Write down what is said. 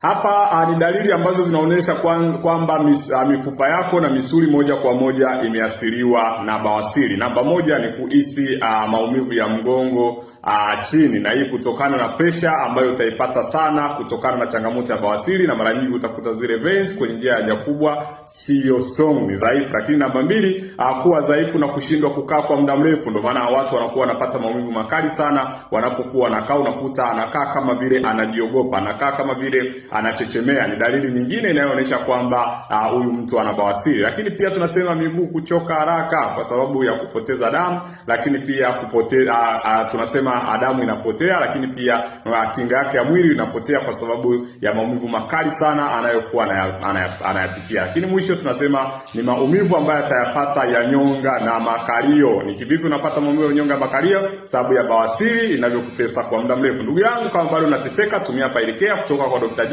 Hapa ah, ni dalili ambazo zinaonyesha kwamba kwa ah, mifupa yako na misuli moja kwa moja imeathiriwa na bawasiri. Namba moja ni kuhisi ah, maumivu ya mgongo a, chini, na hii kutokana na presha ambayo utaipata sana kutokana na changamoto ya bawasiri, na mara nyingi utakuta zile veins kwenye njia ya haja kubwa sio song, ni dhaifu. Lakini namba mbili, a, kuwa dhaifu na kushindwa kukaa kwa muda mrefu. Ndio maana watu wanakuwa wanapata maumivu makali sana wanapokuwa wanakaa, unakuta anakaa kama vile anajiogopa, anakaa kama vile anachechemea, ni dalili nyingine inayoonyesha kwamba ah, huyu uh, mtu ana bawasiri. Lakini pia tunasema miguu kuchoka haraka kwa sababu ya kupoteza damu, lakini pia kupotea, uh, uh, ah, tunasema ah, damu inapotea, lakini pia uh, kinga yake ya mwili inapotea kwa sababu ya maumivu makali sana anayokuwa anayapitia Lakini mwisho tunasema ni maumivu ambayo atayapata ya nyonga na makalio. Ni kivipi unapata maumivu ya nyonga na makalio? Sababu ya bawasiri inavyokutesa kwa muda mrefu. Ndugu yangu, kama bado unateseka, tumia Pailikea kutoka kwa daktari.